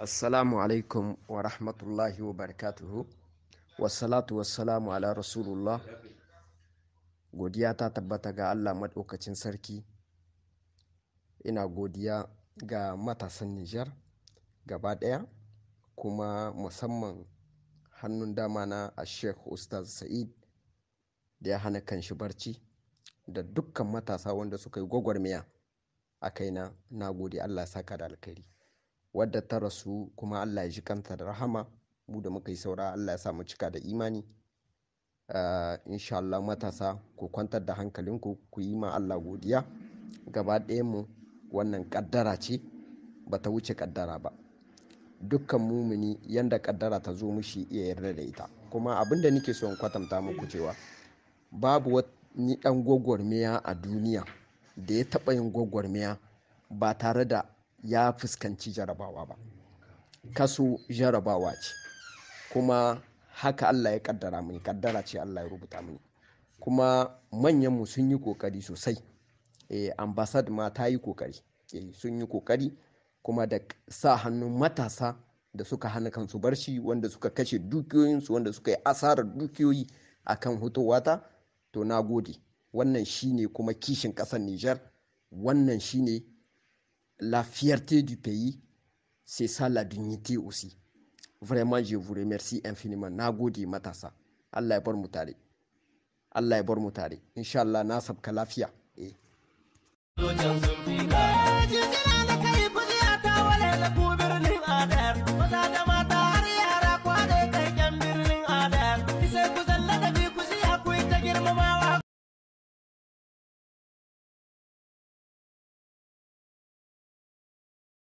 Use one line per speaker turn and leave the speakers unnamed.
assalamu alaikum wa rahmatullahi wa barakatuhu Wasalatu salamu ala rasulullah godiya ta tabbata ga allah maɗaukacin sarki ina godiya ga matasan nijar gaba ɗaya kuma musamman hannun dama na a sheikh ustaz sa'id da ya hana kanshi barci da dukkan matasa wanda suka yi gwagwarmaya a kaina na gode allah saka da alkhairi wadda ta rasu kuma Allah ya ji kanta da rahama mu da muka yi saura Allah ya sa mu cika da imani ah, insha Allah matasa ku kwantar da hankalinku ku yi ma Allah godiya gaba ɗaya mu wannan kaddara ce ba ta wuce kaddara ba dukkan mumini yadda kaddara ta zo mushi iya yarda da ita kuma abin da nake so in kwatanta muku cewa babu wani dan gwagwarmaya a duniya da ya taɓa yin gwagwarmaya ba tare da ya fuskanci jarabawa ba kaso jarabawa ce kuma haka Allah ya kaddara mini kaddara ce Allah ya rubuta mini kuma manyan mu sun yi kokari sosai eh ambassad ma ta yi kokari eh sun yi kokari kuma da sa hannun matasa da suka hana kansu barci wanda suka kashe dukiyoyinsu wanda suka yi asarar dukiyoyi a akan hutowata to na gode wannan shine kuma kishin ƙasar Nijar wannan shine la fierté du pays, c'est ça la dignité aussi. Vraiment, je vous remercie infiniment. Nagoudi Matassa. Allah est pour Moutari. Allah est pour Moutari. Inch'Allah, na